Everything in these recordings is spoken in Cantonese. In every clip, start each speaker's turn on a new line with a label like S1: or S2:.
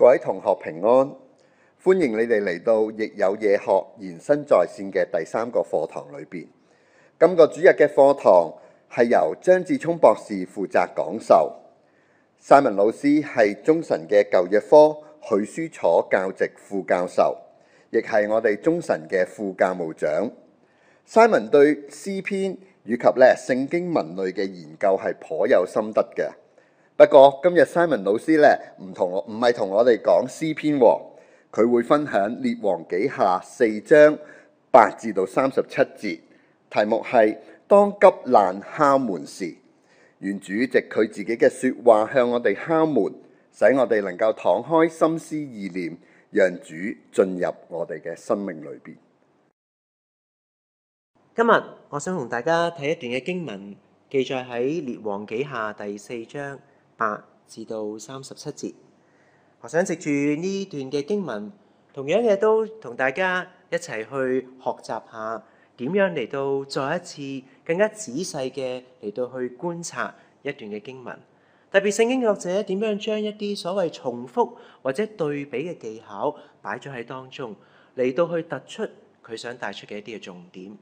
S1: 各位同學平安，歡迎你哋嚟到疫有嘢學延伸在線嘅第三個課堂裏邊。今個主日嘅課堂係由張智聰博士負責講授，Simon 老師係中神嘅舊約科許書楚教席副教授，亦係我哋中神嘅副教務長。Simon 對詩篇以及咧聖經文類嘅研究係頗有心得嘅。不過今日 Simon 老師咧，唔同我，唔係同我哋講詩篇喎，佢、啊、會分享《列王紀下》四章八至到三十七節，題目係當急難敲門時，願主席佢自己嘅説話向我哋敲門，使我哋能夠敞開心思意念，讓主進入我哋嘅生命裏邊。今日我想同大家睇一段嘅經文，記載喺《列王紀下》第四章。八、啊、至到三十七節，我想藉住呢段嘅經文，同樣嘅都同大家一齊去學習下點樣嚟到再一次更加仔細嘅嚟到去觀察一段嘅經文，特別聖經學者點樣將一啲所謂重複或者對比嘅技巧擺咗喺當中嚟到去突出佢想帶出嘅一啲嘅重點。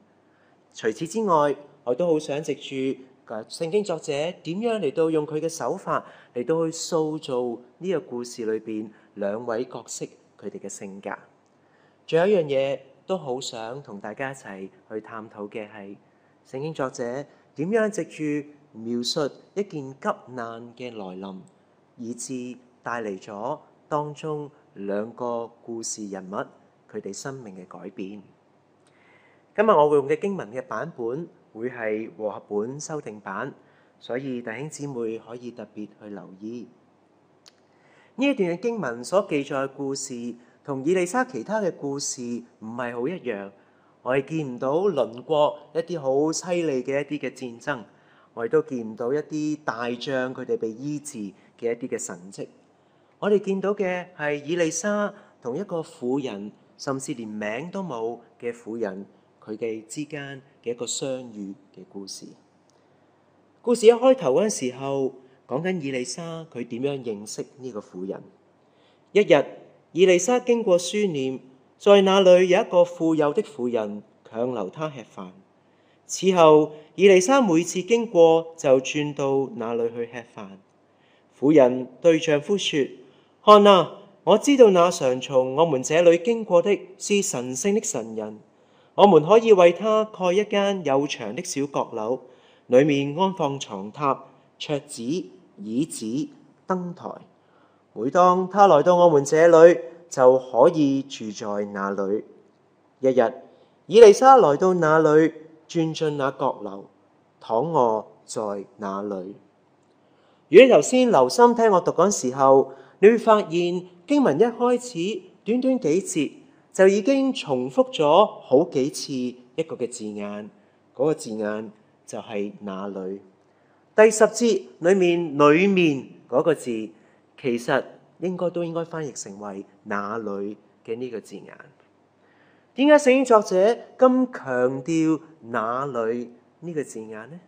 S1: 除此之外，我都好想藉住。聖經作者點樣嚟到用佢嘅手法嚟到去塑造呢個故事裏邊兩位角色佢哋嘅性格？仲有一樣嘢都好想同大家一齊去探討嘅係聖經作者點樣藉住描述一件急難嘅來臨，以至帶嚟咗當中兩個故事人物佢哋生命嘅改變。今日我會用嘅經文嘅版本，會係和合本修訂版，所以弟兄姊妹可以特別去留意呢一段嘅經文所記載嘅故事，同以利沙其他嘅故事唔係好一樣。我哋見唔到鄰國一啲好犀利嘅一啲嘅戰爭，我哋都見唔到一啲大將佢哋被醫治嘅一啲嘅神跡。我哋見到嘅係以利沙同一個婦人，甚至連名都冇嘅婦人，佢哋之間，一個相遇嘅故事。故事一開頭嗰時候，講緊以利沙佢點樣認識呢個婦人。一日，以利沙經過書念，在那裏有一個富有的婦人強留她吃飯。此後，以利沙每次經過就轉到那裏去吃飯。婦人對丈夫說：看啊，我知道那常從我們這裏經過的是神聖的神人。我們可以為他蓋一間又長的小閣樓，裏面安放床榻、桌子、椅子、燈台。每當他來到我們這裏，就可以住在那裏。一日，以利沙來到那裏，轉進那閣樓，躺卧在那裏。如果頭先留心聽我讀嗰時候，你會發現經文一開始短短幾節。就已經重複咗好幾次一個嘅字眼，嗰個字眼就係那裏。第十節裏面裏面嗰個字，其實應該都應該翻譯成為那裏嘅呢個字眼。點解聖經作者咁強調那裏呢個字眼呢？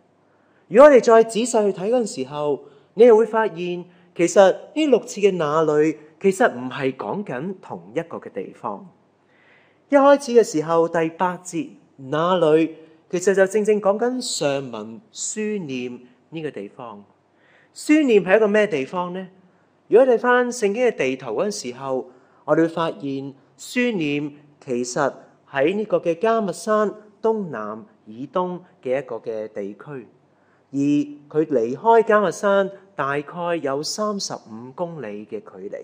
S1: 如果我哋再仔細去睇嗰陣時候，你又會發現，其實呢六次嘅那裏其實唔係講緊同一個嘅地方。一開始嘅時候，第八節那裏，其實就正正講緊上文書念呢個地方。書念係一個咩地方呢？如果你翻聖經嘅地圖嗰陣時候，我哋會發現書念其實喺呢個嘅迦密山東南以東嘅一個嘅地區，而佢離開迦密山大概有三十五公里嘅距離，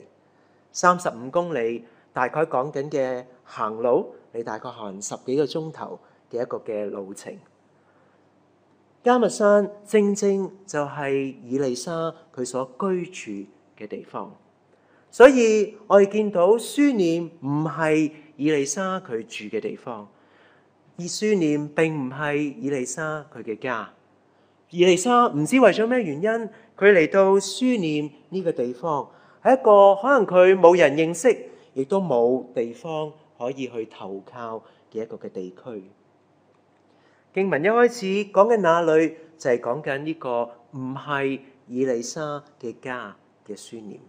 S1: 三十五公里。大概講緊嘅行路，你大概行十幾個鐘頭嘅一個嘅路程。迦密山正正就係以利沙佢所居住嘅地方，所以我哋見到書念唔係以利沙佢住嘅地方，而書念並唔係以利沙佢嘅家。以利沙唔知為咗咩原因，佢嚟到書念呢個地方係一個可能佢冇人認識。亦都冇地方可以去投靠嘅一個嘅地區。經文一開始講嘅那裏就係、是、講緊呢個唔係以利沙嘅家嘅書念。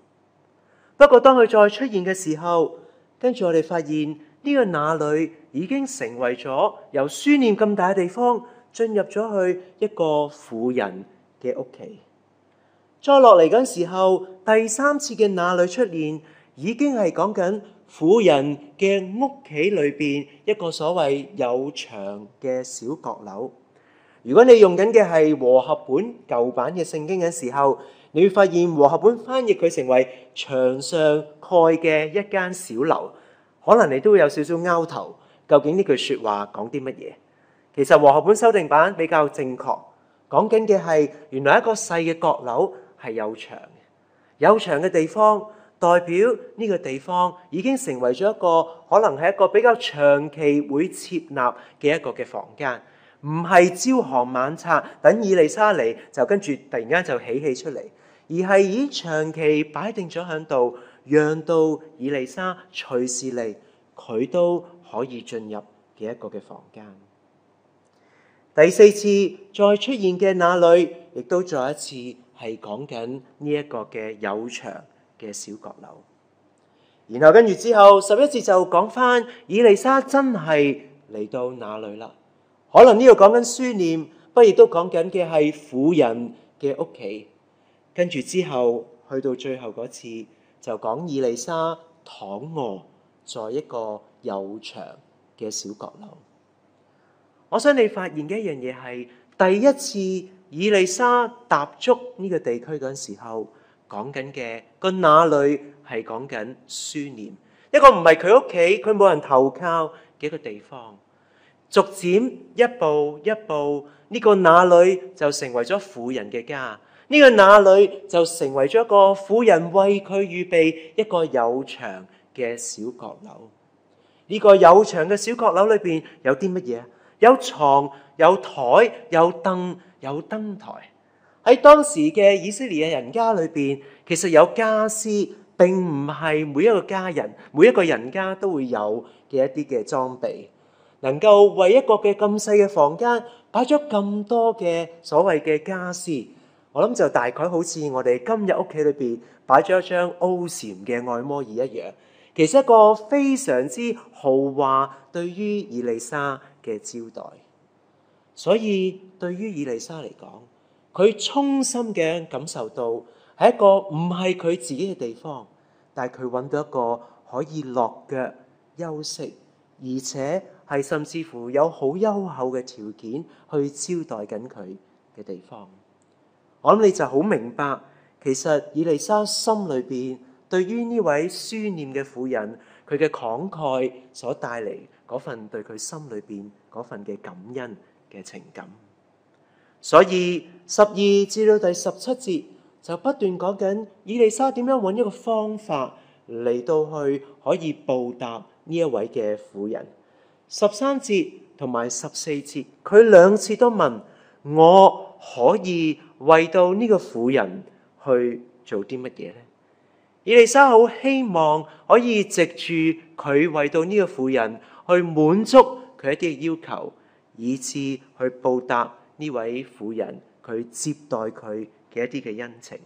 S1: 不過當佢再出現嘅時候，跟住我哋發現呢、這個那裏已經成為咗由書念咁大嘅地方進入咗去一個婦人嘅屋企。再落嚟嗰時候，第三次嘅那裏出現，已經係講緊婦人嘅屋企裏邊一個所謂有牆嘅小閣樓。如果你用緊嘅係和合本舊版嘅聖經嘅時候，你會發現和合本翻譯佢成為牆上蓋嘅一間小樓，可能你都會有少少撓頭。究竟呢句説話講啲乜嘢？其實和合本修訂版比較正確，講緊嘅係原來一個細嘅閣樓係有牆嘅，有牆嘅地方。代表呢個地方已經成為咗一個可能係一個比較長期會設立嘅一個嘅房間，唔係朝行晚拆。等以利沙嚟，就跟住突然間就起起出嚟，而係以長期擺定咗喺度，讓到以利沙隨時嚟，佢都可以進入嘅一個嘅房間。第四次再出現嘅那裏，亦都再一次係講緊呢一個嘅有場。嘅小閣樓，然後跟住之後十一節就講翻以利沙真係嚟到哪裏啦？可能呢度講緊書念，不過亦都講緊嘅係婦人嘅屋企。跟住之後去到最後嗰次就講以利沙躺臥在一個有牆嘅小閣樓。我想你發現嘅一樣嘢係第一次以利沙踏足呢個地區嗰陣時候。講緊嘅個那裏係講緊書念，一個唔係佢屋企，佢冇人投靠嘅一個地方。逐漸一步一步，呢、這個那裏就成為咗婦人嘅家。呢、這個那裏就成為咗一個婦人為佢預備一個有牆嘅小閣樓。呢、這個有牆嘅小閣樓裏邊有啲乜嘢啊？有床、有台、有凳、有燈台。喺當時嘅以色列嘅人家裏邊，其實有家私並唔係每一個家人每一個人家都會有嘅一啲嘅裝備，能夠為一個嘅咁細嘅房間擺咗咁多嘅所謂嘅家私，我諗就大概好似我哋今日屋企裏邊擺咗一張 O. 禪嘅按摩椅一樣，其實一個非常之豪華對於以利沙嘅招待，所以對於以利沙嚟講。佢衷心嘅感受到，係一個唔係佢自己嘅地方，但係佢揾到一個可以落腳休息，而且係甚至乎有好優厚嘅條件去招待緊佢嘅地方。我諗你就好明白，其實以利沙心裏邊對於呢位書念嘅婦人，佢嘅慷慨所帶嚟嗰份對佢心裏邊嗰份嘅感恩嘅情感。所以十二至到第十七節就不斷講緊，以利沙點樣揾一個方法嚟到去可以報答呢一位嘅婦人。十三節同埋十四節，佢兩次都問：「我可以為到呢個婦人去做啲乜嘢呢？」以利沙好希望可以藉住佢為到呢個婦人去滿足佢一啲嘅要求，以至去報答。呢位婦人佢接待佢嘅一啲嘅恩情。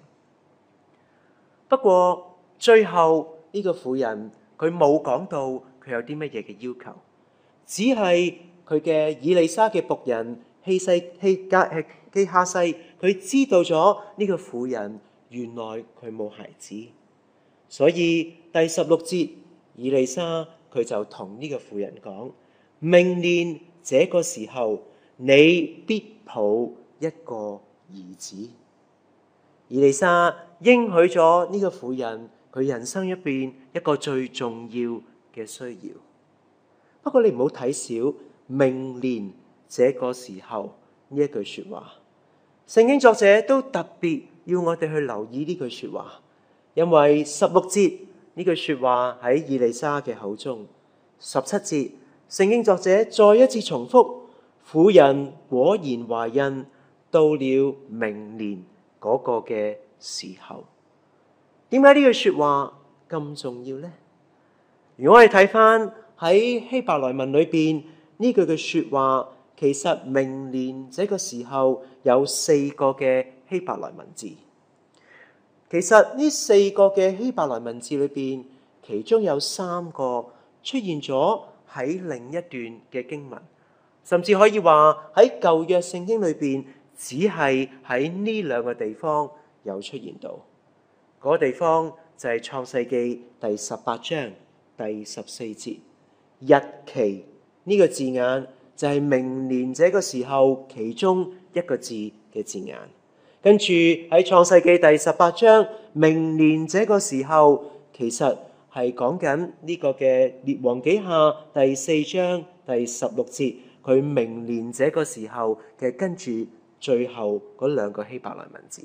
S1: 不過最後呢、這個婦人佢冇講到佢有啲乜嘢嘅要求，只係佢嘅以利沙嘅僕人希西希格基哈西佢知道咗呢個婦人原來佢冇孩子，所以第十六節以利沙，佢就同呢個婦人講明年這個時候。你必抱一個兒子，以利沙應許咗呢個婦人佢人生入邊一個最重要嘅需要。不過你不，你唔好睇少明年這個時候呢一句説話。聖經作者都特別要我哋去留意呢句説話，因為十六節呢句説話喺以利沙嘅口中，十七節聖經作者再一次重複。婦人果然懷孕，到了明年嗰個嘅時候，點解呢句說話咁重要呢？如果我哋睇翻喺希伯來文裏邊呢句嘅說話，其實明年這個時候有四個嘅希伯來文字。其實呢四個嘅希伯來文字裏邊，其中有三個出現咗喺另一段嘅經文。甚至可以話喺舊約聖經裏邊，只係喺呢兩個地方有出現到。嗰個地方就係《創世記》第十八章第十四節，日期呢個字眼就係明年這個時候其中一個字嘅字眼。跟住喺《創世記》第十八章，明年這個時候其實係講緊呢個嘅《列王紀下》第四章第十六節。佢明年這個時候嘅，跟住最後嗰兩個希伯來文字，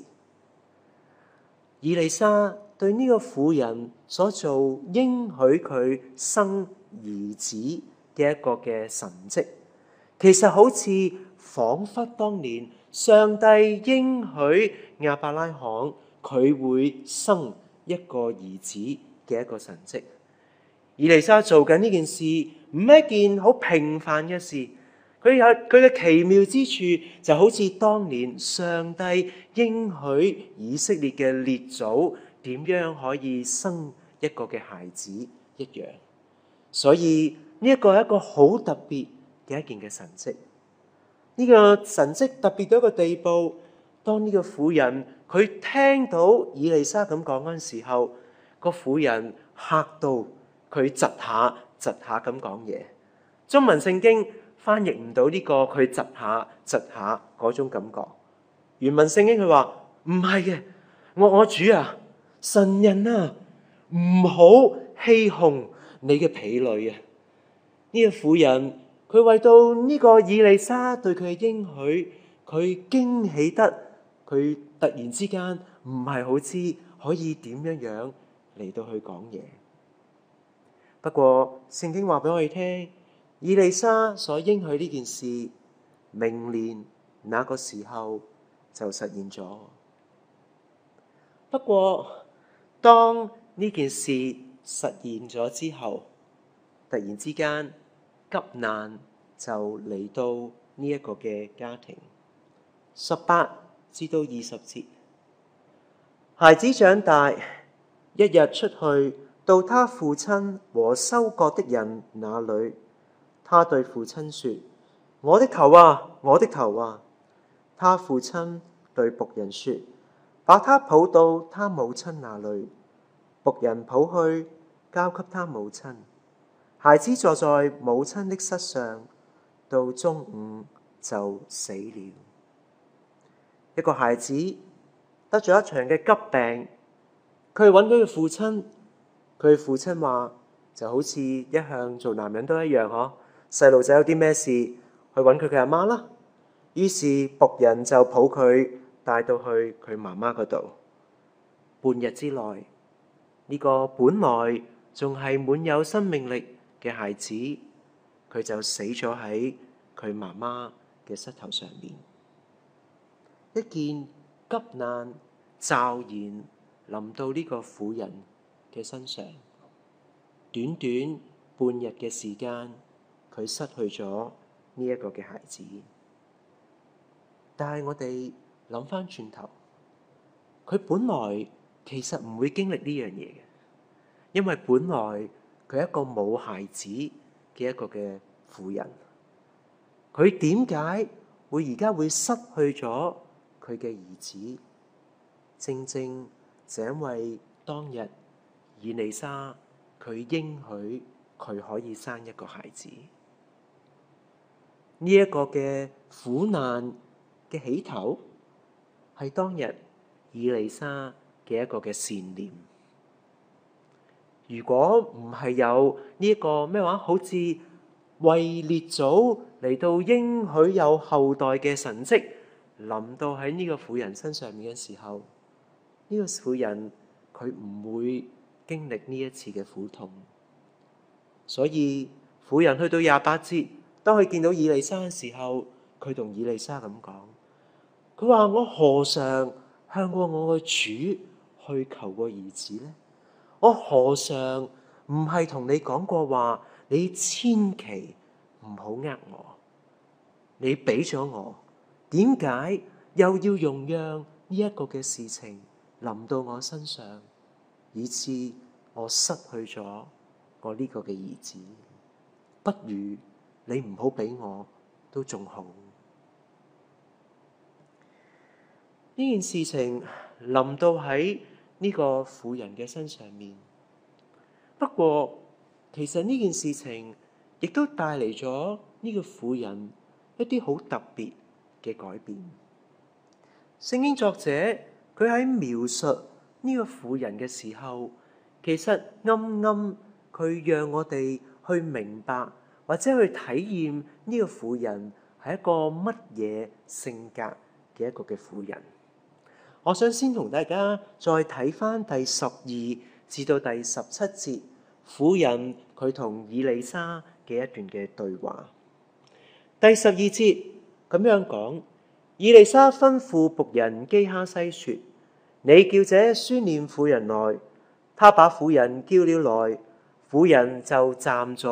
S1: 以利沙對呢個婦人所做應許佢生兒子嘅一個嘅神跡，其實好似彷彿當年上帝應許亞伯拉罕佢會生一個兒子嘅一個神跡。以利沙做緊呢件事唔係一件好平凡嘅事。佢有佢嘅奇妙之處，就好似當年上帝應許以色列嘅列祖點樣可以生一個嘅孩子一樣。所以呢、這個、一個係一個好特別嘅一件嘅神跡。呢、這個神跡特別到一個地步，當呢個婦人佢聽到以利沙咁講嗰陣時候，個婦人嚇到佢窒下窒下咁講嘢。中文聖經。翻譯唔到呢個佢窒下窒下嗰種感覺。原文聖經佢話唔係嘅，我我主啊，神人啊，唔好欺哄你嘅婢女啊！呢個婦人佢為到呢個以利沙對佢嘅應許，佢驚喜得佢突然之間唔係好知可以點樣樣嚟到去講嘢。不過聖經話俾我哋聽。以利沙所應許呢件事，明年那個時候就實現咗。不過，當呢件事實現咗之後，突然之間急難就嚟到呢一個嘅家庭。十八至到二十節，孩子長大，一日出去，到他父親和收割的人那裏。他對父親說：我的頭啊，我的頭啊！他父親對僕人說：把他抱到他母親那裏。僕人抱去，交給他母親。孩子坐在母親的膝上，到中午就死了。一個孩子得咗一場嘅急病，佢揾到佢父親，佢父親話，就好似一向做男人都一樣，嗬。細路仔有啲咩事，去揾佢嘅阿媽啦。於是僕人就抱佢帶到去佢媽媽嗰度。半日之內，呢個本來仲係滿有生命力嘅孩子，佢就死咗喺佢媽媽嘅膝頭上面。一件急難驟然臨到呢個婦人嘅身上，短短半日嘅時間。佢失去咗呢一個嘅孩子，但係我哋諗翻轉頭，佢本來其實唔會經歷呢樣嘢嘅，因為本來佢係一個冇孩子嘅一個嘅婦人，佢點解會而家會失去咗佢嘅兒子？正正就因為當日以利沙佢應許佢可以生一個孩子。呢一個嘅苦難嘅起頭，係當日以利沙嘅一個嘅善念。如果唔係有呢一個咩話，好似位列祖嚟到應許有後代嘅神跡臨到喺呢個婦人身上面嘅時候，呢、這個婦人佢唔會經歷呢一次嘅苦痛。所以婦人去到廿八節。當佢見到以利沙嘅時候，佢同以利沙咁講：佢話我何嘗向過我嘅主去求過兒子呢？我何嘗唔係同你講過話？你千祈唔好呃我。你俾咗我，點解又要容讓呢一個嘅事情臨到我身上，以至我失去咗我呢個嘅兒子？不如。你唔好俾我都仲好。呢件事情臨到喺呢個婦人嘅身上面。不過其實呢件事情亦都帶嚟咗呢個婦人一啲好特別嘅改變。聖經作者佢喺描述呢個婦人嘅時候，其實啱啱佢讓我哋去明白。或者去體驗呢個婦人係一個乜嘢性格嘅一個嘅婦人。我想先同大家再睇翻第十二至到第十七節婦人佢同以利沙嘅一段嘅對話。第十二節咁樣講，以利沙吩咐僕人基哈西說：你叫這書念婦人來，他把婦人叫了來，婦人就站在。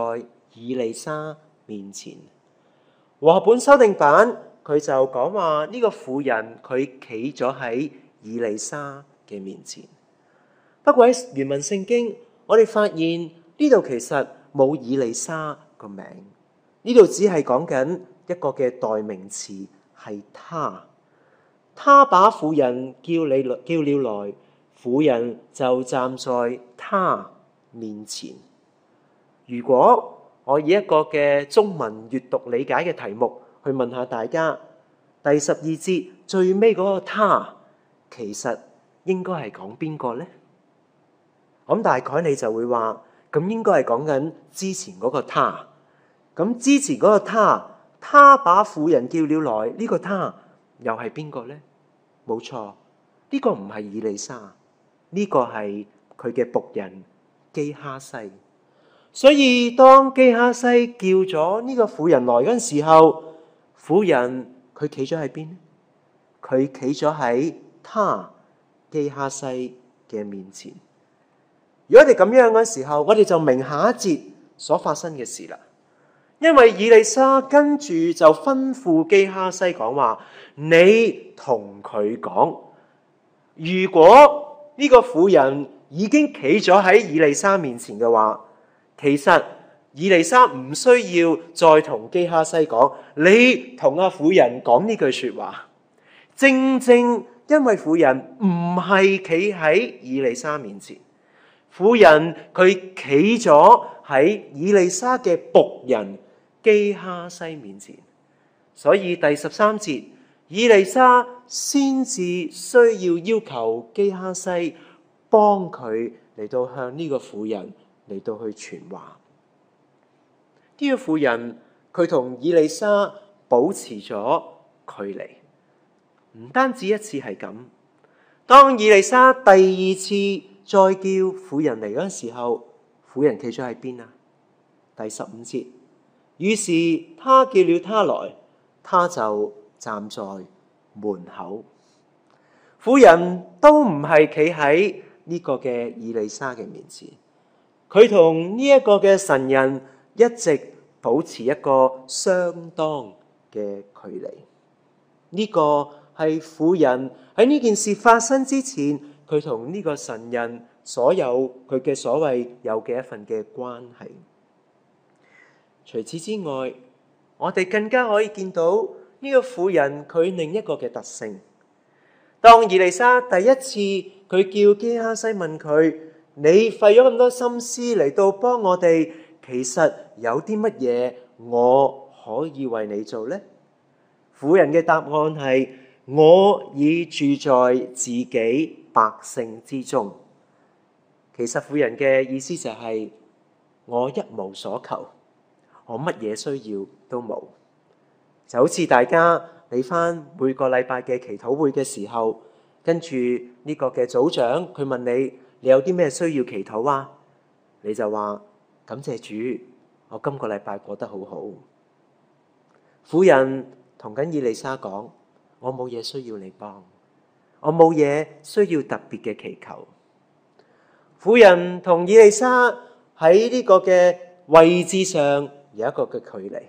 S1: 以利沙面前，和合本修訂版，佢就講話，呢個婦人佢企咗喺以利沙嘅面前。不過喺原文聖經，我哋發現呢度其實冇以利沙個名，呢度只係講緊一個嘅代名詞係他。他把婦人叫嚟叫了來，婦人就站在他面前。如果我以一個嘅中文閱讀理解嘅題目去問下大家，第十二節最尾嗰個他，其實應該係講邊個呢？咁大概你就會話，咁應該係講緊之前嗰個他。咁之前嗰個他，他把婦人叫了來，呢個他又係邊個呢？冇錯，呢個唔係以利沙，呢個係佢嘅僕人基哈西。所以當基哈西叫咗呢個婦人來嗰陣時候，婦人佢企咗喺邊？佢企咗喺他基哈西嘅面前。如果我哋咁樣嘅時候，我哋就明下一節所發生嘅事啦。因為以利沙跟住就吩咐基哈西講話：你同佢講，如果呢個婦人已經企咗喺以利沙面前嘅話。其實以利沙唔需要再同基哈西講，你同阿婦人講呢句說話，正正因為婦人唔係企喺以利沙面前，婦人佢企咗喺以利沙嘅僕人基哈西面前，所以第十三節以利沙先至需要要求基哈西幫佢嚟到向呢個婦人。嚟到去傳話，呢、這個婦人佢同以利沙保持咗距離，唔單止一次係咁。當以利沙第二次再叫婦人嚟嗰陣時候，婦人企咗喺邊啊？第十五節，於是他叫了她來，他就站在門口。婦人都唔係企喺呢個嘅以利沙嘅面前。佢同呢一個嘅神人一直保持一個相當嘅距離。呢、這個係婦人喺呢件事發生之前，佢同呢個神人所有佢嘅所謂有嘅一份嘅關係。除此之外，我哋更加可以見到呢個婦人佢另一個嘅特性。當以利沙第一次佢叫基哈西問佢。你費咗咁多心思嚟到幫我哋，其實有啲乜嘢我可以為你做呢？婦人嘅答案係：我已住在自己百姓之中。其實婦人嘅意思就係、是、我一無所求，我乜嘢需要都冇。就好似大家你翻每個禮拜嘅祈禱會嘅時候，跟住呢個嘅組長佢問你。你有啲咩需要祈禱啊？你就話，感謝主，我今個禮拜過得好好。婦人同緊以利沙講，我冇嘢需要你幫，我冇嘢需要特別嘅祈求。婦人同以利沙喺呢個嘅位置上有一個嘅距離。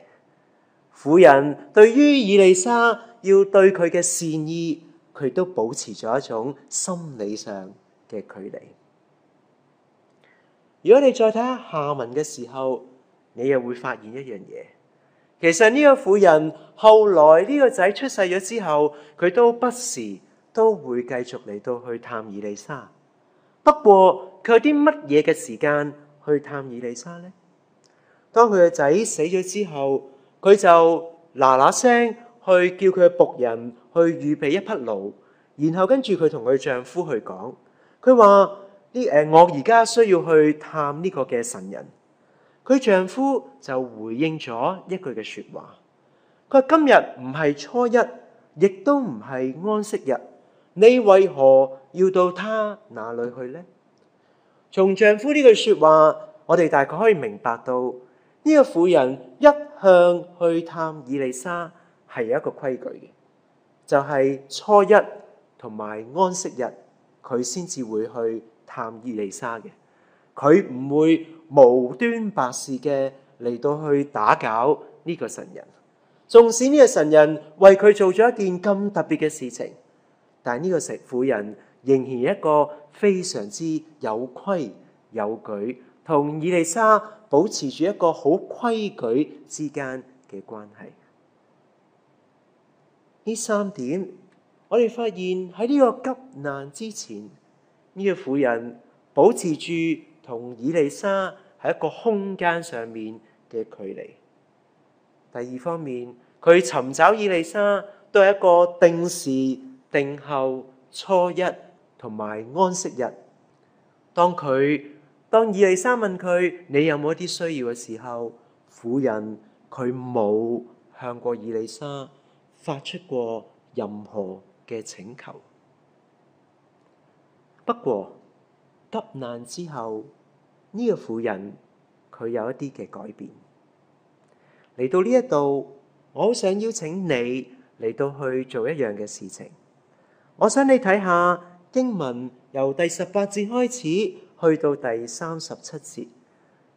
S1: 婦人對於以利沙要對佢嘅善意，佢都保持咗一種心理上嘅距離。如果你再睇下下文嘅時候，你又會發現一樣嘢。其實呢個婦人後來呢個仔出世咗之後，佢都不時都會繼續嚟到去探以利沙。不過佢有啲乜嘢嘅時間去探以利沙呢？當佢嘅仔死咗之後，佢就嗱嗱聲去叫佢僕人去預備一匹驢，然後跟住佢同佢丈夫去講，佢話。誒，我而家需要去探呢個嘅神人。佢丈夫就回應咗一句嘅說話，佢話：今日唔係初一，亦都唔係安息日，你為何要到他那裏去呢？」從丈夫呢句說話，我哋大概可以明白到呢、這個婦人一向去探以利沙係有一個規矩嘅，就係、是、初一同埋安息日，佢先至會去。探以利沙嘅，佢唔會無端白事嘅嚟到去打攪呢個神人。縱使呢個神人為佢做咗一件咁特別嘅事情，但係呢個食婦人仍然一個非常之有規有矩，同以利沙保持住一個好規矩之間嘅關係。呢三點，我哋發現喺呢個急難之前。呢個婦人保持住同以利沙喺一個空間上面嘅距離。第二方面，佢尋找以利沙都係一個定時、定候、初一同埋安息日。當佢當以利沙問佢你有冇一啲需要嘅時候，婦人佢冇向過以利沙發出過任何嘅請求。不過急難之後，呢個婦人佢有一啲嘅改變。嚟到呢一度，我好想邀請你嚟到去做一樣嘅事情。我想你睇下經文由第十八節開始去到第三十七節，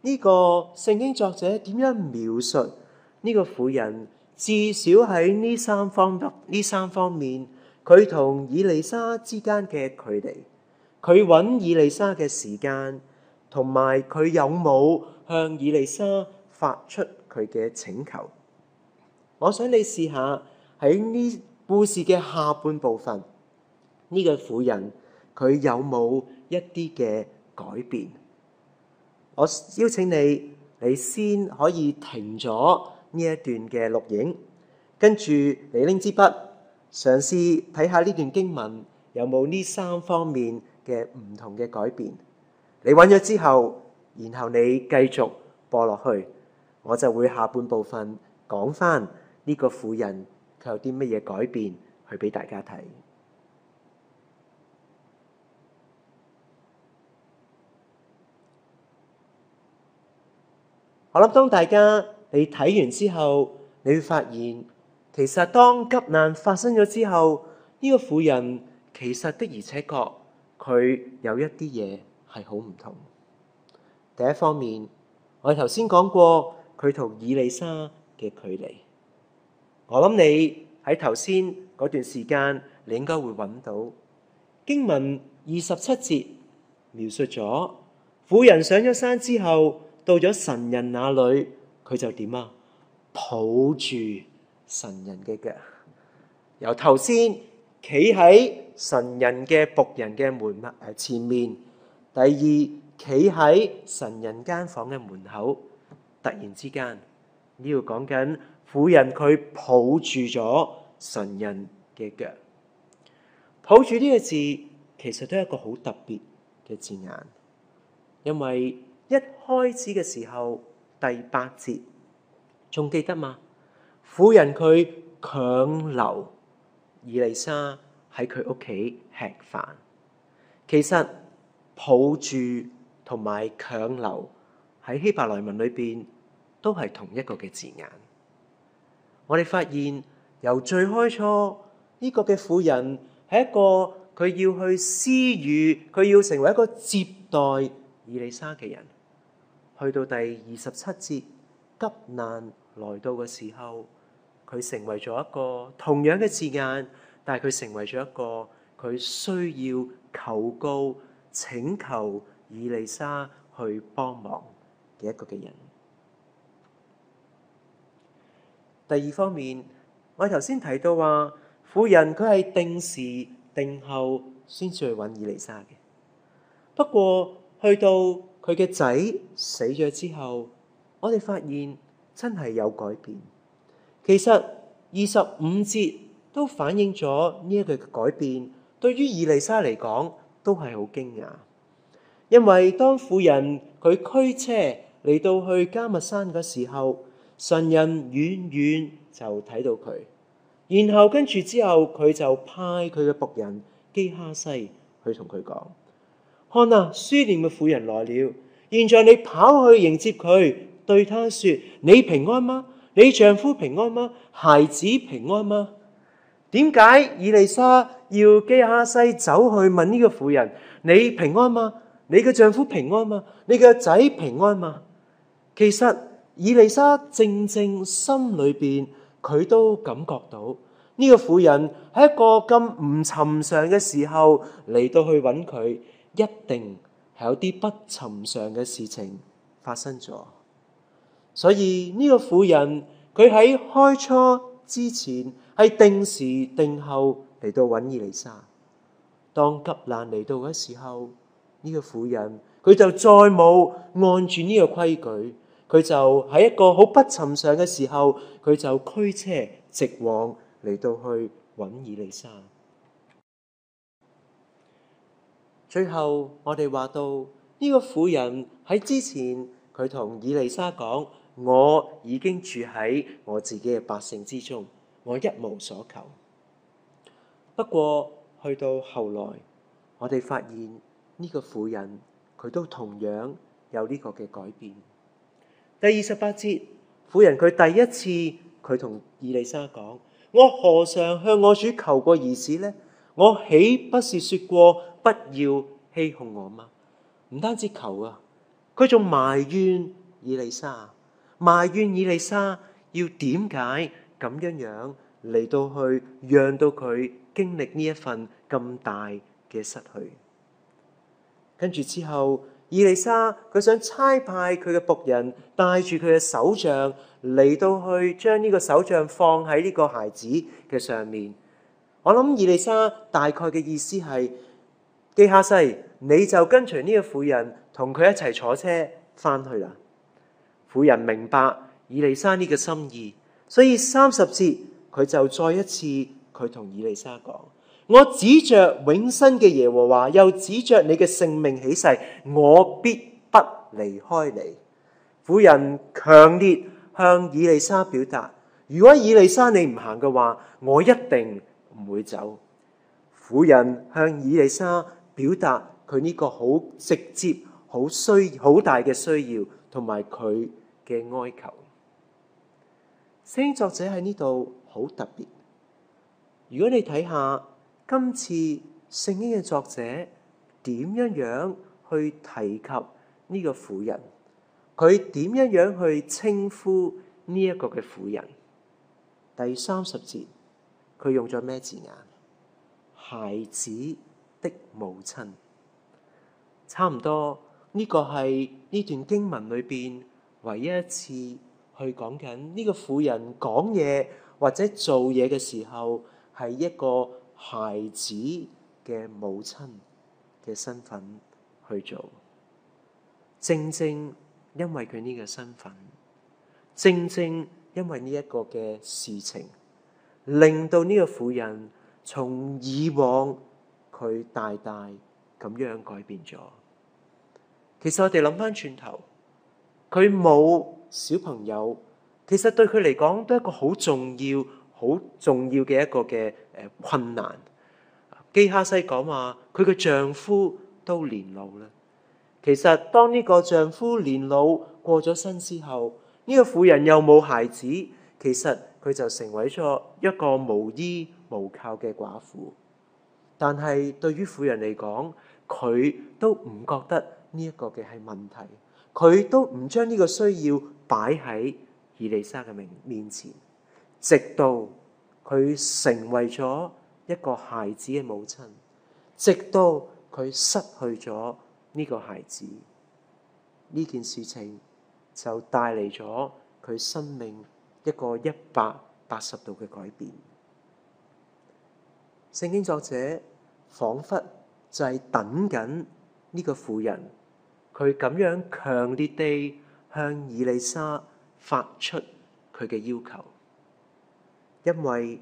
S1: 呢個聖經作者點樣描述呢個婦人至少喺呢三方面，呢三方面佢同以利沙之間嘅距離。佢揾以利沙嘅時間，同埋佢有冇向以利沙發出佢嘅請求？我想你試下喺呢故事嘅下半部分，呢、這個婦人佢有冇一啲嘅改變？我邀請你，你先可以停咗呢一段嘅錄影，跟住你拎支筆，嘗試睇下呢段經文有冇呢三方面。嘅唔同嘅改變，你揾咗之後，然後你繼續播落去，我就會下半部分講返呢個婦人佢有啲乜嘢改變，去俾大家睇。 我諗當大家你睇完之後，你會發現其實當急難發生咗之後，呢個婦人其實的而且確。佢有一啲嘢係好唔同。第一方面，我哋頭先講過佢同以利沙嘅距離。我諗你喺頭先嗰段時間，你應該會揾到經文二十七節描述咗，婦人上咗山之後，到咗神人那裏，佢就點啊？抱住神人嘅腳，由頭先企喺神人嘅僕人嘅門誒前面，第二企喺神人間房嘅門口，突然之間呢度講緊婦人佢抱住咗神人嘅腳，抱住呢個字其實都係一個好特別嘅字眼，因為一開始嘅時候第八節仲記得嘛？婦人佢強留以利沙。喺佢屋企吃飯，其實抱住同埋強留喺希伯來文裏邊都係同一個嘅字眼。我哋發現由最開初呢、這個嘅婦人係一個佢要去施予，佢要成為一個接待以利沙嘅人，去到第二十七節急難來到嘅時候，佢成為咗一個同樣嘅字眼。但係佢成為咗一個佢需要求告、請求以利沙去幫忙嘅一個嘅人。第二方面，我頭先提到話，婦人佢係定時定候先至去揾以利沙嘅。不過去到佢嘅仔死咗之後，我哋發現真係有改變。其實二十五節。都反映咗呢一句嘅改變，對於以利沙嚟講都係好驚訝。因為當婦人佢驅車嚟到去迦密山嘅時候，神人遠遠就睇到佢，然後跟住之後佢就派佢嘅僕人基哈西去同佢講：看啊，書念嘅婦人來了。現在你跑去迎接佢，對他說：你平安嗎？你丈夫平安嗎？孩子平安嗎？點解以利沙要基哈西走去問呢個婦人？你平安嗎？你嘅丈夫平安嗎？你嘅仔平安嗎？其實以利沙正正心裏邊佢都感覺到呢、這個婦人喺一個咁唔尋常嘅時候嚟到去揾佢，一定係有啲不尋常嘅事情發生咗。所以呢、這個婦人佢喺開初之前。係定時定候嚟到揾，以利沙。當急難嚟到嘅時候，呢個婦人佢就再冇按住呢個規矩，佢就喺一個好不尋常嘅時候，佢就驅車直往嚟到去揾以利沙。最後我哋話到呢個婦人喺之前，佢同以利沙講：我已經住喺我自己嘅百姓之中。我一無所求。不過去到後來，我哋發現呢、這個婦人佢都同樣有呢個嘅改變。第二十八節，婦人佢第一次佢同以利沙講：我何嘗向我主求過兒子呢？我豈不是說過不要欺哄我嗎？唔單止求啊，佢仲埋怨以利沙。埋怨以利沙要，要點解？咁樣樣嚟到去讓到佢經歷呢一份咁大嘅失去，跟住之後，以利沙，佢想差派佢嘅僕人帶住佢嘅手杖嚟到去將呢個手杖放喺呢個孩子嘅上面。我諗以利沙大概嘅意思係：基哈西，你就跟隨呢個婦人同佢一齊坐車翻去啦。婦人明白以利沙呢個心意。所以三十節佢就再一次佢同以利沙講：我指着永生嘅耶和華，又指着你嘅性命起誓，我必不離開你。婦人強烈向以利沙表達：如果以利沙你唔行嘅話，我一定唔會走。婦人向以利沙表達佢呢個好直接、好需、好大嘅需要，同埋佢嘅哀求。聖經作者喺呢度好特別。如果你睇下今次聖經嘅作者點樣樣去提及呢個婦人，佢點樣樣去稱呼呢一個嘅婦人？第三十節佢用咗咩字眼？孩子的母親，差唔多呢、這個係呢段經文裏邊唯一一次。去講緊呢個婦人講嘢或者做嘢嘅時候，係一個孩子嘅母親嘅身份去做。正正因為佢呢個身份，正正因為呢一個嘅事情，令到呢個婦人從以往佢大大咁樣改變咗。其實我哋諗翻轉頭，佢冇。小朋友其實對佢嚟講都係一個好重要、好重要嘅一個嘅誒困難。基哈西講話，佢嘅丈夫都年老啦。其實當呢個丈夫年老過咗身之後，呢、呢個婦人又冇孩子，其實佢就成為咗一個無依無靠嘅寡婦。但係對於婦人嚟講，佢都唔覺得呢一個嘅係問題，佢都唔將呢個需要。擺喺以利沙嘅面前，直到佢成為咗一個孩子嘅母親，直到佢失去咗呢個孩子，呢件事情就帶嚟咗佢生命一個一百八十度嘅改變。聖經作者仿佛就係等緊呢個婦人，佢咁樣強烈地。向以利沙發出佢嘅要求，因為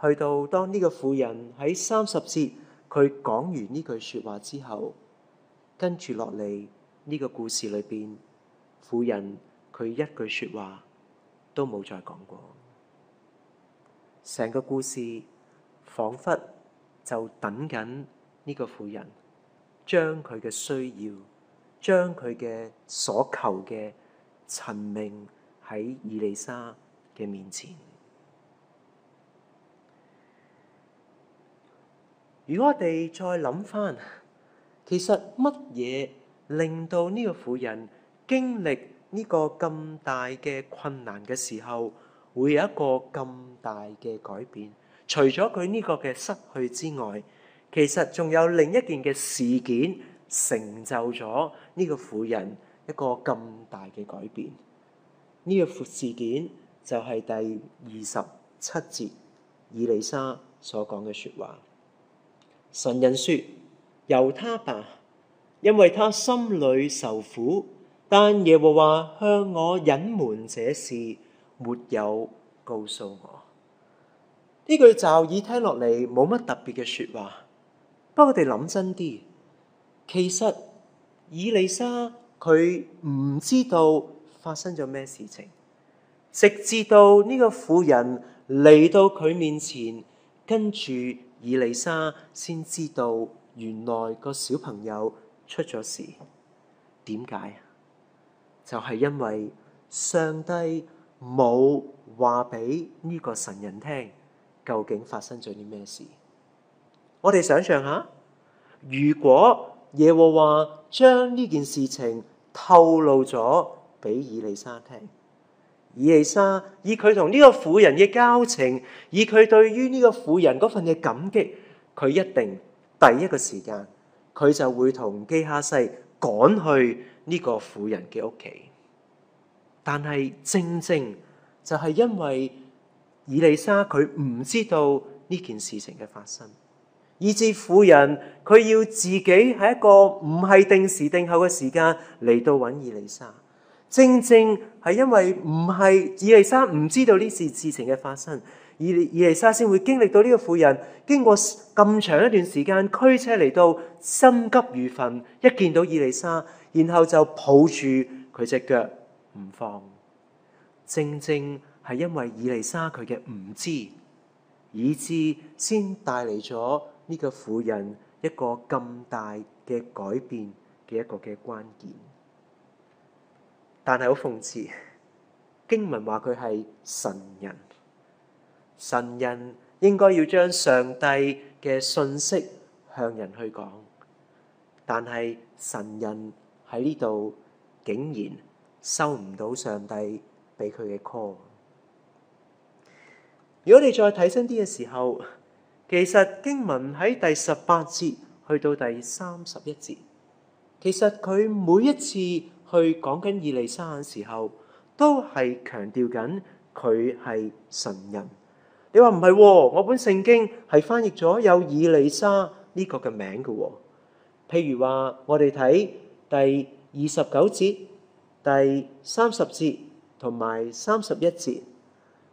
S1: 去到當呢個婦人喺三十節佢講完呢句說話之後，跟住落嚟呢個故事裏邊，婦人佢一句說話都冇再講過，成個故事仿佛就等緊呢個婦人將佢嘅需要、將佢嘅所求嘅。陳明喺以利沙嘅面前。如果我哋再諗翻，其實乜嘢令到呢個婦人經歷呢個咁大嘅困難嘅時候，會有一個咁大嘅改變？除咗佢呢個嘅失去之外，其實仲有另一件嘅事件成就咗呢個婦人。一個咁大嘅改變，呢、呢個事件就係第二十七節以利沙所講嘅說話。神人說：由他吧，因為他心裏受苦。但耶和華向我隱瞞這事，沒有告訴我。呢句就語聽落嚟冇乜特別嘅說話，不過我哋諗真啲，其實以利沙。佢唔知道發生咗咩事情，直至到呢個婦人嚟到佢面前，跟住以利沙先知道，原來個小朋友出咗事。點解？就係、是、因為上帝冇話俾呢個神人聽，究竟發生咗啲咩事。我哋想象下，如果耶和華將呢件事情，透露咗俾以利沙聽，以利沙以佢同呢個婦人嘅交情，以佢對於呢個婦人嗰份嘅感激，佢一定第一個時間，佢就會同基哈西趕去呢個婦人嘅屋企。但係正正就係因為以利沙，佢唔知道呢件事情嘅發生。以至婦人佢要自己喺一個唔係定時定候嘅時間嚟到搵以利沙。正正係因為唔係以利沙唔知道呢事事情嘅發生，而以利沙先會經歷到呢個婦人經過咁長一段時間驅車嚟到，心急如焚，一見到以利沙，然後就抱住佢隻腳唔放，正正係因為以利沙佢嘅唔知，以至先帶嚟咗。呢個婦人一個咁大嘅改變嘅一個嘅關鍵，但係好諷刺，經文話佢係神人，神人應該要將上帝嘅信息向人去講，但係神人喺呢度竟然收唔到上帝俾佢嘅 call。如果你再睇真啲嘅時候。其實經文喺第十八節去到第三十一節，其實佢每一次去講緊以利沙嘅時候，都係強調緊佢係神人。你話唔係喎？我本聖經係翻譯咗有以利沙呢個嘅名㗎喎。譬如話我哋睇第二十九節、第三十節同埋三十一節，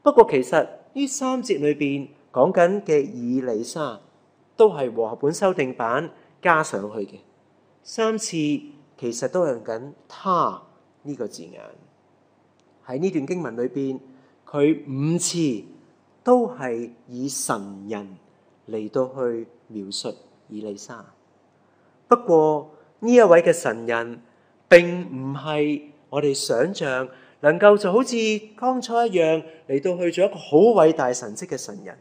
S1: 不過其實呢三節裏邊。講緊嘅以利沙都係和合本修訂版加上去嘅。三次，其實都用緊他呢個字眼。喺呢段經文裏邊，佢五次都係以神人嚟到去描述以利沙。不過呢一位嘅神人並唔係我哋想象能夠就好似剛才一樣嚟到去做一個好偉大神跡嘅神人。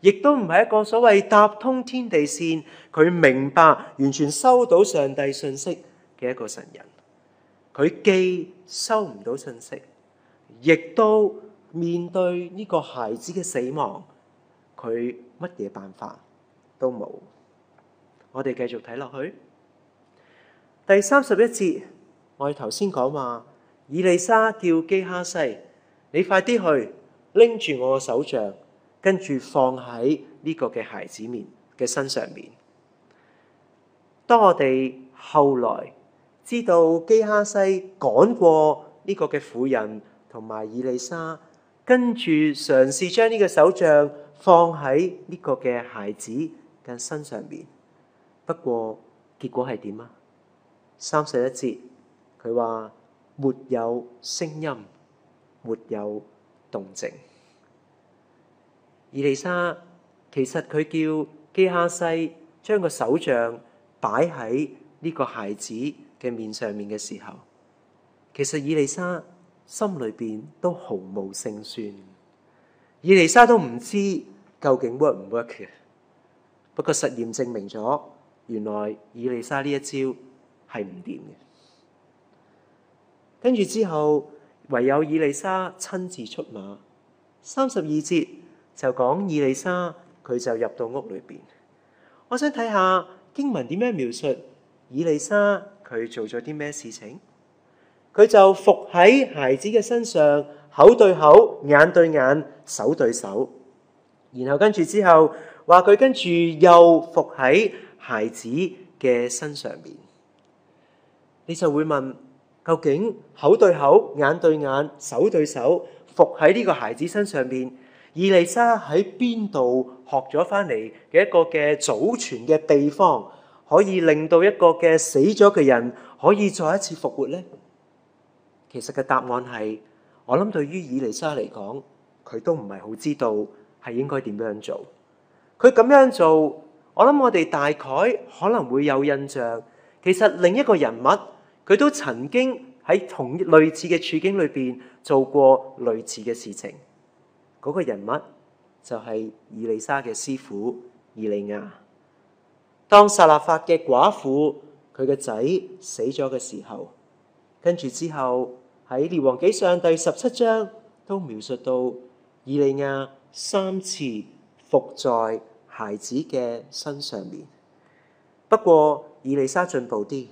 S1: 亦都唔係一個所謂搭通天地線，佢明白完全收到上帝信息嘅一個神人，佢既收唔到信息，亦都面對呢個孩子嘅死亡，佢乜嘢辦法都冇。我哋繼續睇落去第三十一節，我哋頭先講話，以利沙叫基哈西，你快啲去拎住我個手杖。跟住放喺呢個嘅孩子面嘅身上面。當我哋後來知道基哈西趕過呢個嘅婦人同埋以利沙，跟住嘗試將呢個手杖放喺呢個嘅孩子嘅身上面。不過結果係點啊？三十一節，佢話沒有聲音，沒有動靜。以利沙，其實佢叫基哈西將個手杖擺喺呢個孩子嘅面上面嘅時候，其實以利沙心裏邊都毫無勝算。以利沙都唔知究竟 work 唔 work 嘅，不過實驗證明咗，原來以利沙呢一招係唔掂嘅。跟住之後，唯有以利沙親自出馬，三十二節。就講以利沙，佢就入到屋裏邊。我想睇下經文點樣描述以利沙，佢做咗啲咩事情？佢就伏喺孩子嘅身上，口對口，眼對眼，手對手，然後跟住之後話佢跟住又伏喺孩子嘅身上面。你就會問，究竟口對口，眼對眼，手對手，伏喺呢個孩子身上面？以利沙喺邊度學咗翻嚟，嘅一個嘅祖傳嘅地方，可以令到一個嘅死咗嘅人可以再一次復活呢？其實嘅答案係，我諗對於以利沙嚟講，佢都唔係好知道係應該點樣做。佢咁樣做，我諗我哋大概可能會有印象。其實另一個人物，佢都曾經喺同類似嘅處境裏邊做過類似嘅事情。嗰個人物就係以利沙嘅師傅以利亞。當撒勒法嘅寡婦佢嘅仔死咗嘅時候，跟住之後喺列王紀上第十七章都描述到以利亞三次伏在孩子嘅身上面。不過以利沙進步啲。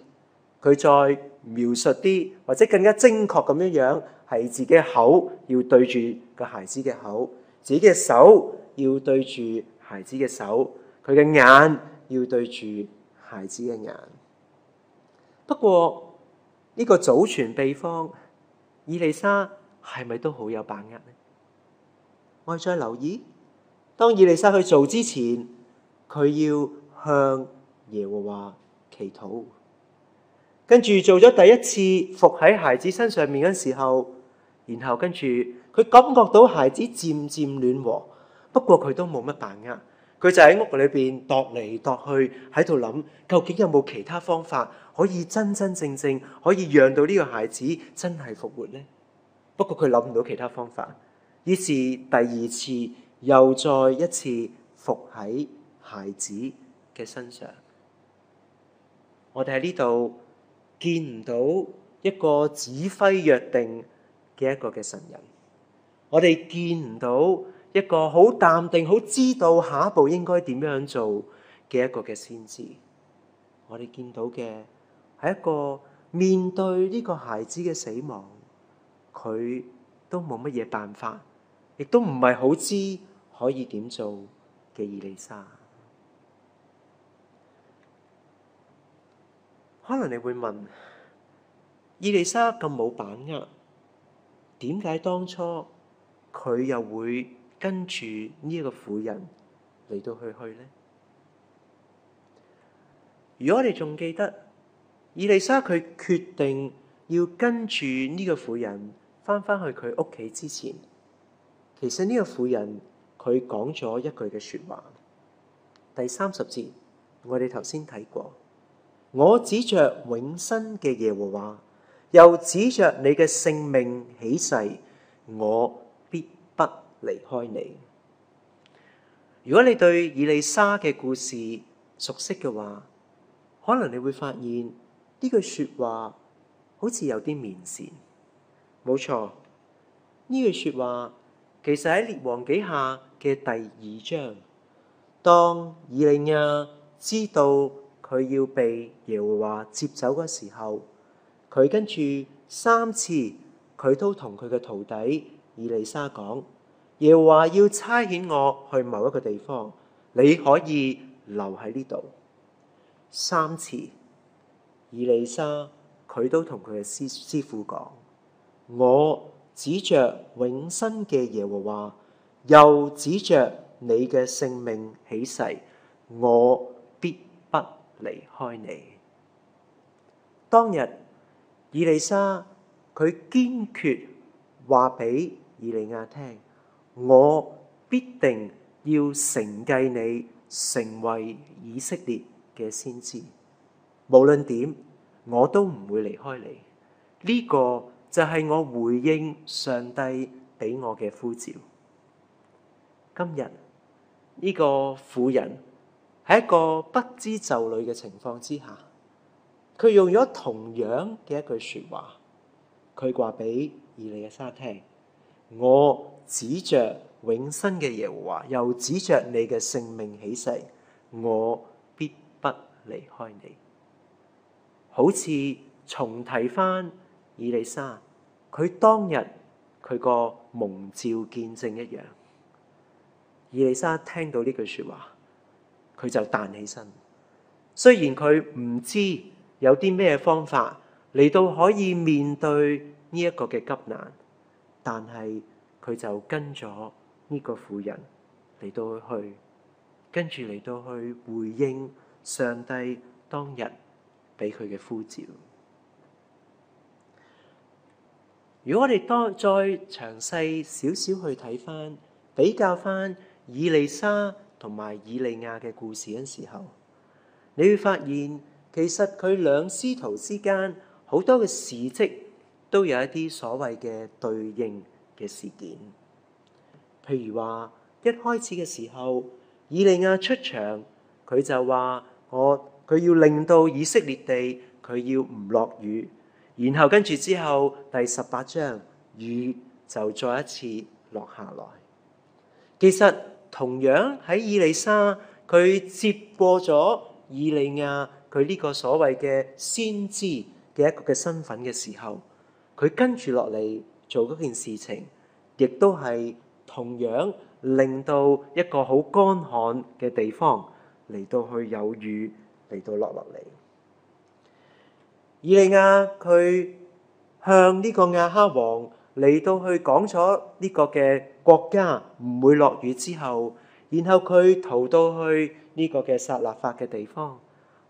S1: 佢再描述啲，或者更加精確咁樣樣，係自己口要對住個孩子嘅口，自己嘅手要對住孩子嘅手，佢嘅眼要對住孩子嘅眼。不過呢個祖傳秘方，以利沙係咪都好有把握呢？我再留意，當以利沙去做之前，佢要向耶和華祈禱。跟住做咗第一次伏喺孩子身上面嘅時候，然後跟住佢感覺到孩子漸漸暖和，不過佢都冇乜把握。佢就喺屋裏邊踱嚟，踱去，喺度諗究竟有冇其他方法可以真真正正可以讓到呢個孩子真係復活呢？不過佢諗唔到其他方法，於是第二次又再一次伏喺孩子嘅身上。我哋喺呢度。見唔到一個指揮若定嘅一個嘅神人，我哋見唔到一個好淡定、好知道下一步應該點樣做嘅一個嘅先知。我哋見到嘅係一個面對呢個孩子嘅死亡，佢都冇乜嘢辦法，亦都唔係好知可以點做嘅以利沙。可能你會問，以利沙咁冇把握，點解當初佢又會跟住呢一個婦人嚟到去去呢？如果我哋仲記得，以利沙佢決定要跟住呢個婦人翻返去佢屋企之前，其實呢個婦人佢講咗一句嘅說話，第三十節，我哋頭先睇過。我指着永生嘅耶和華，又指着你嘅性命起誓，我必不離開你。如果你對以利沙嘅故事熟悉嘅話，可能你會發現呢句說話好似有啲面善。冇錯，呢句說話其實喺列王記下嘅第二章，當以利亞知道。佢要被耶和華接走嘅時候，佢跟住三次，佢都同佢嘅徒弟以利沙講：耶和華要差遣我去某一個地方，你可以留喺呢度。三次，以利沙佢都同佢嘅師師傅講：我指著永生嘅耶和華，又指著你嘅性命起誓，我。離開你當日，以利沙佢堅決話俾以利亞聽：我必定要承繼你，成為以色列嘅先知。無論點，我都唔會離開你。呢、這個就係我回應上帝畀我嘅呼召。今日呢、這個婦人。喺一個不知就裏嘅情況之下，佢用咗同樣嘅一句說話，佢話俾以利沙聽：我指着永生嘅耶和華，又指着你嘅性命起誓，我必不離開你。好似重提翻以利沙，佢當日佢個蒙召見證一樣。以利沙聽到呢句說話。佢就彈起身，雖然佢唔知有啲咩方法嚟到可以面對呢一個嘅急難，但係佢就跟咗呢個婦人嚟到去，跟住嚟到去回應上帝當日俾佢嘅呼召。如果我哋多再詳細少少去睇翻，比較翻以利沙。同埋以利亞嘅故事嗰時候，你會發現，其實佢兩師徒之間好多嘅事蹟都有一啲所謂嘅對應嘅事件，譬如話一開始嘅時候，以利亞出場，佢就話我佢要令到以色列地佢要唔落雨，然後跟住之後第十八章雨就再一次落下來，其實。同樣喺以利沙，佢接過咗以利亞佢呢個所謂嘅先知嘅一個嘅身份嘅時候，佢跟住落嚟做嗰件事情，亦都係同樣令到一個好乾旱嘅地方嚟到去有雨嚟到落落嚟。以利亞佢向呢個亞哈王嚟到去講咗呢個嘅國家唔會落雨之後，然後佢逃到去呢個嘅撒勒法嘅地方，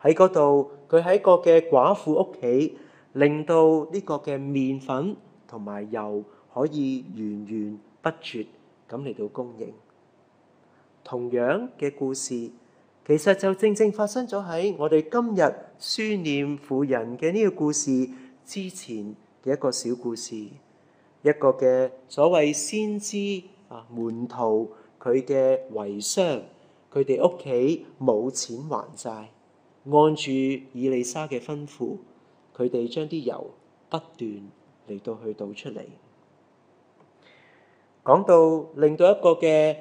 S1: 喺嗰度佢喺個嘅寡婦屋企，令到呢個嘅麵粉同埋油可以源源不絕咁嚟到供應。同樣嘅故事，其實就正正發生咗喺我哋今日書念婦人嘅呢個故事之前嘅一個小故事。一個嘅所謂先知啊，門徒佢嘅遺孀，佢哋屋企冇錢還債，按住以利沙嘅吩咐，佢哋將啲油不斷嚟到去倒出嚟。講到令到一個嘅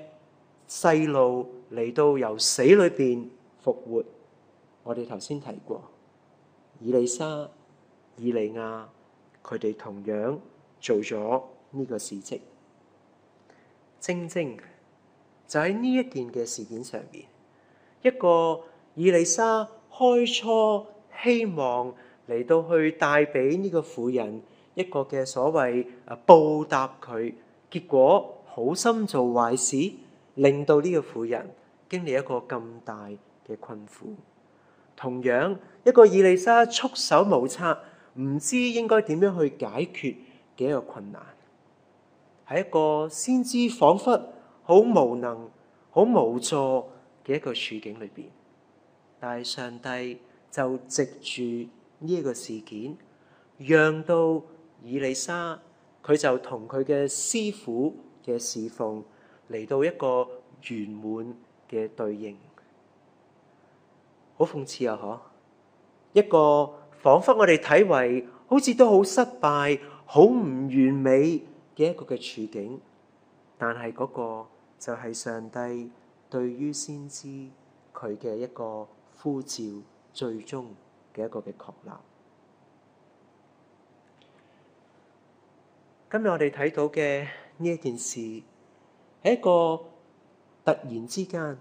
S1: 細路嚟到由死裏邊復活，我哋頭先提過以利沙、以利亞，佢哋同樣。做咗呢個事跡，正正就喺呢一件嘅事件上面。一個以利沙開初希望嚟到去帶俾呢個婦人一個嘅所謂啊，報答佢，結果好心做壞事，令到呢個婦人經歷一個咁大嘅困苦。同樣一個以利沙束手無策，唔知應該點樣去解決。嘅一個困難，係一個先知，彷彿好無能、好無助嘅一個處境裏邊。但係上帝就藉住呢一個事件，讓到以利沙，佢就同佢嘅師傅嘅侍奉嚟到一個圓滿嘅對應。好諷刺啊！呵，一個彷彿我哋睇為好似都好失敗。好唔完美嘅一個嘅處境，但係嗰個就係上帝對於先知佢嘅一個呼召，最終嘅一個嘅確立。今日我哋睇到嘅呢一件事，係一個突然之間，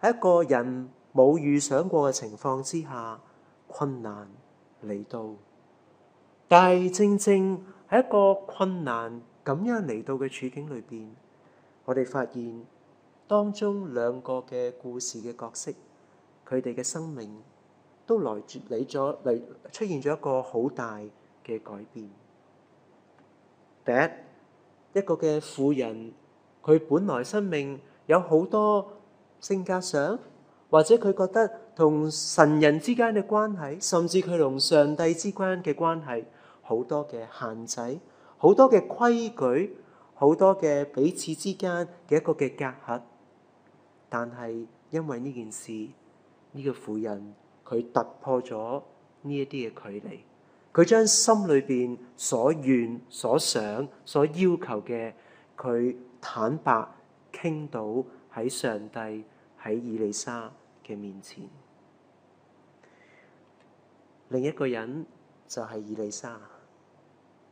S1: 喺一個人冇預想過嘅情況之下，困難嚟到，但係正正。喺一個困難咁樣嚟到嘅處境裏邊，我哋發現當中兩個嘅故事嘅角色，佢哋嘅生命都來自你咗嚟，出現咗一個好大嘅改變。第一，一個嘅婦人，佢本來生命有好多性格上，或者佢覺得同神人之間嘅關係，甚至佢同上帝之間嘅關係。好多嘅限制，好多嘅規矩，好多嘅彼此之間嘅一個嘅隔閡。但係因為呢件事，呢、這個婦人佢突破咗呢一啲嘅距離，佢將心裏邊所願、所想、所要求嘅，佢坦白傾到喺上帝喺以利沙嘅面前。另一個人就係以利沙。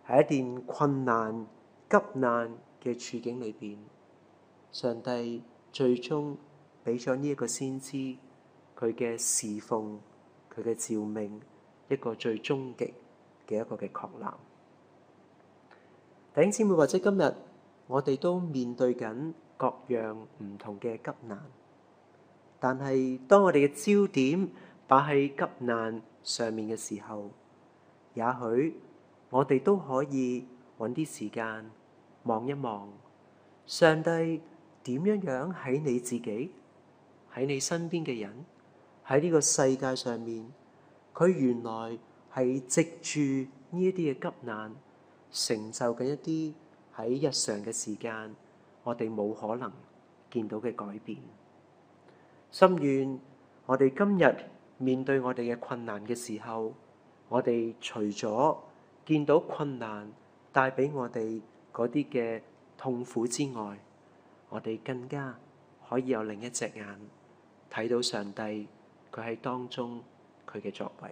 S1: 喺一段困難、急難嘅處境裏邊，上帝最終俾咗呢一個先知佢嘅侍奉、佢嘅召命一個最終極嘅一個嘅確立。弟兄姊妹，或者今日我哋都面對緊各樣唔同嘅急難，但係當我哋嘅焦點擺喺急難上面嘅時候，也許，我哋都可以揾啲時間望一望上帝點樣樣喺你自己，喺你身邊嘅人，喺呢個世界上面，佢原來係藉住呢一啲嘅急難，成就緊一啲喺日常嘅時間我哋冇可能見到嘅改變。心願我哋今日面對我哋嘅困難嘅時候，我哋除咗見到困難帶俾我哋嗰啲嘅痛苦之外，我哋更加可以有另一隻眼睇到上帝，佢喺當中，佢嘅作為。